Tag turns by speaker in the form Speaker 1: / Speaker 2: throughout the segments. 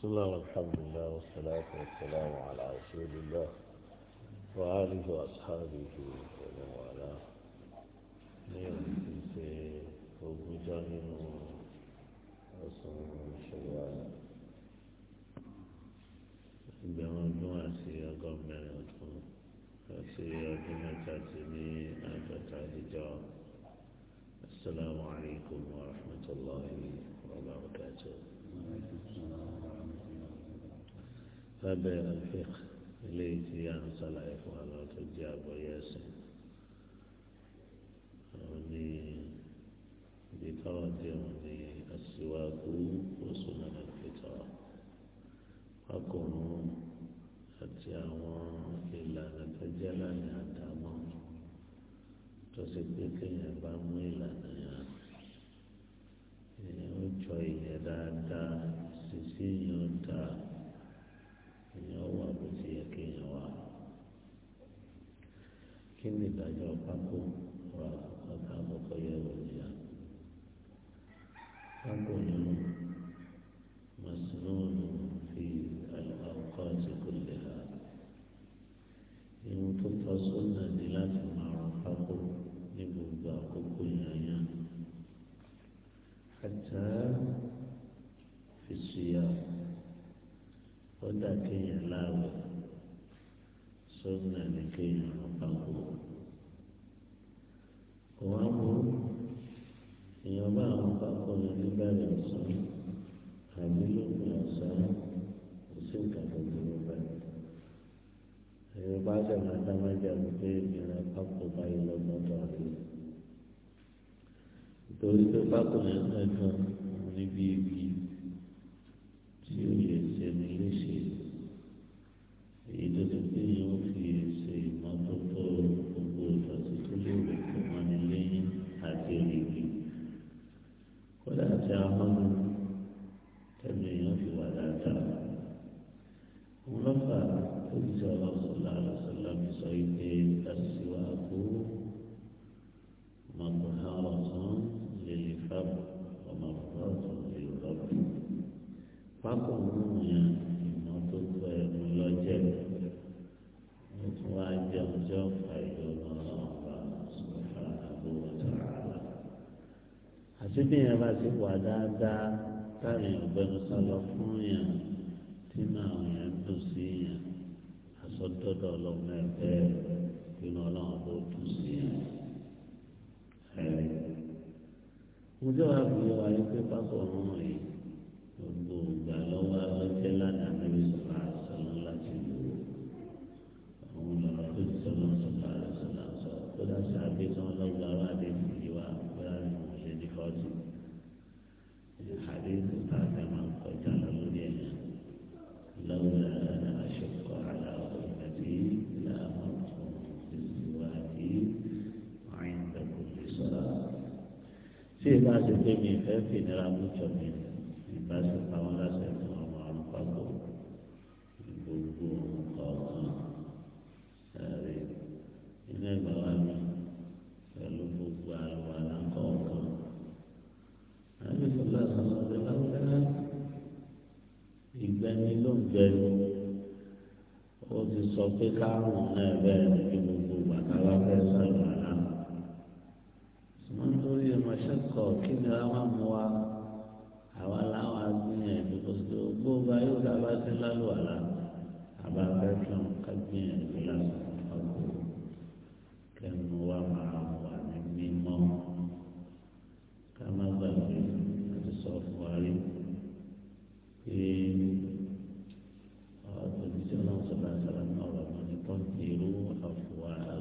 Speaker 1: بسم الله والحمد لله والصلاة والسلام على رسول الله وآله وأصحابه ومن والاه اليوم في وجان وصوم شوال بما نوع سياقا من أطفال سياقا تعتني أجت على السلام عليكم ورحمة الله وبركاته lábẹ́ alfiq eléyìí tí a ń ṣàlàyé fún wa lọ́wọ́ tó jẹ́ àgbọ̀yé ẹ̀sìn òun ni ibi tọ́wọ́ tí òun ni aṣíwájú oṣù náà fi tọ́ àti àwọn ìlànà tó jẹ́ lánàá àdámọ́ tó ṣe pé kéèyàn bá mú ìlànà. kí ni ìdájọ́ pákó ọ̀rọ̀ ọ̀tá àkọ́kọ́ yẹ wọ̀ níyà pákó nínú màsínúùn fi àlùkò àti kòlè ha ìwọ̀n tó tọ́ sọ́nà ní láti máa rọ pákó ní gbogbo àkókò yàyà àtà fèsì yà ó dà kéèyàn láàwẹ̀. sunna ni kéèyàn ọba kú kò wá mú èèyàn bá àwọn pápọ̀ yẹn níbẹ̀rẹ̀ ọ̀sán àbí lópin ọ̀sán kò sí nǹkan tó burú bẹ́ẹ̀ èèyàn bá ṣe máa dá májà mú pé ìran pápọ̀ báyìí lọ́gbọ́dọ̀ rí nítorí pé pápọ̀ yẹn náà gan níbi ibi tí ó yẹ ṣe ní léṣe. múyàn ìmọ́tótó ẹ̀mú lọ́jẹ̀ ó tún wá jẹ ọjọ́ fàyọ lọ́nà ọba sọ̀fà àbúrò àti bí yẹn bá ti wà dáadáa táyà ọ̀gbẹ́ni sálọ fún yàn tí màá yẹn dùn sí yàn àsọdọ́dọ̀ ọlọ́run ẹ̀fẹ́ ìpinnu ọlọ́run ló dùn sí yàn ẹ̀ ǹjẹ́ wàá fi wáyé pé pápọ̀ ọ̀hún yìí. gbogbo ìgbà lọ́wọ́ abẹ́tẹ́ lánàá níbi sọ̀rọ̀ àṣàlọ́ láti lò ó àwọn ọ̀nà tó ti sọ̀rọ̀ sọ̀rọ̀ àṣàlọ́ sọ tó dá sàbí tí wọ́n lọ́gbà wá dé ìdí wa bóyá ní wọ́n ṣe ní fọ́ọ̀tì ìhàdí tó ta ká máa ń kọjá lọ lórí ẹ̀ lọ́wọ́ làánà àṣọkọ̀ àlà ìgbàdí làánà tó ìwádìí àyìnbẹ̀kọ̀ lè sọ̀rọ̀ tí ìbá ti pé mi ìfẹ́ fìnira mú jọ mi pé káwọn náà bẹ̀rẹ̀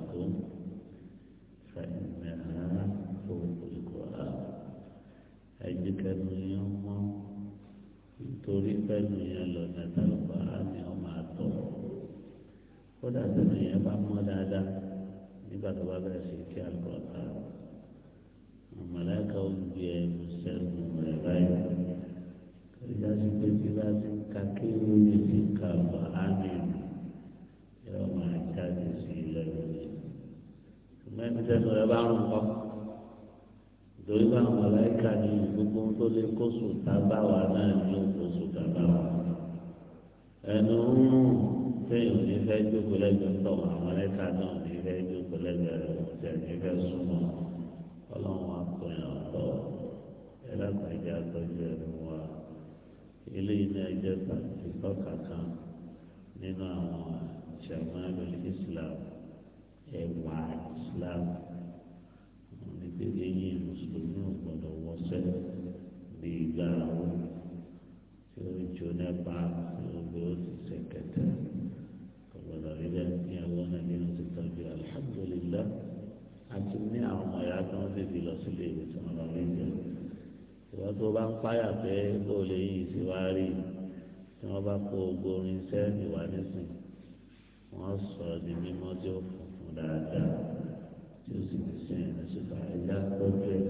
Speaker 1: التقوم فإنها فوق القرآن أجك اليوم تريد أن يلون القرآن يوم الطور ولا تنيا بعمل هذا يبقى بابا سيكي القرآن ẹni tẹnu rẹ bá rùn kọ nítorí bá àwọn màláíkà ní gbogbo tó lè kó sùtà bá wà náà ní òkú sùtà bá wà ẹnu rúrùn téèyàn ní fẹ́ jókòó lẹ́gbẹ̀ẹ́ tọ̀ àwọn màláíkà náà ní fẹ́ jókòó lẹ́gbẹ̀ẹ́ rẹ̀ wọ́n tẹ̀ ní fẹ́ súnmọ́ ọlọ́run akọ̀yàn ọ̀tọ̀ ẹlẹ́kọ̀ọ́jà tọ́jú ẹnu wa eléyìí náà jẹ́ pàtàkì tọ́ka nínú àwọn ṣàmúlò Islam ẹwà islam nígbè eyín mùsùlùmí ò gbọdọ̀ wọṣẹ́ bí ìgbà àwọn tí ó jò nípa tí ó gbé ó sì ṣẹkẹtẹ kò gbọdọ̀ rí bẹ́ẹ̀ ní àwọn náà nínú ti tọ́jú alhamdulillah àti ní àwọn ọmọ ìyá tó ń tètè lọ sílé ìwé tí wọn lọ rí jẹ ìwọ tó bá ń páyà pé bó lè yí ìsíwárí tí wọn bá kó ogun orin sẹ́ẹ̀lì wá nísìnyí. lọ́jọ́ ẹ̀.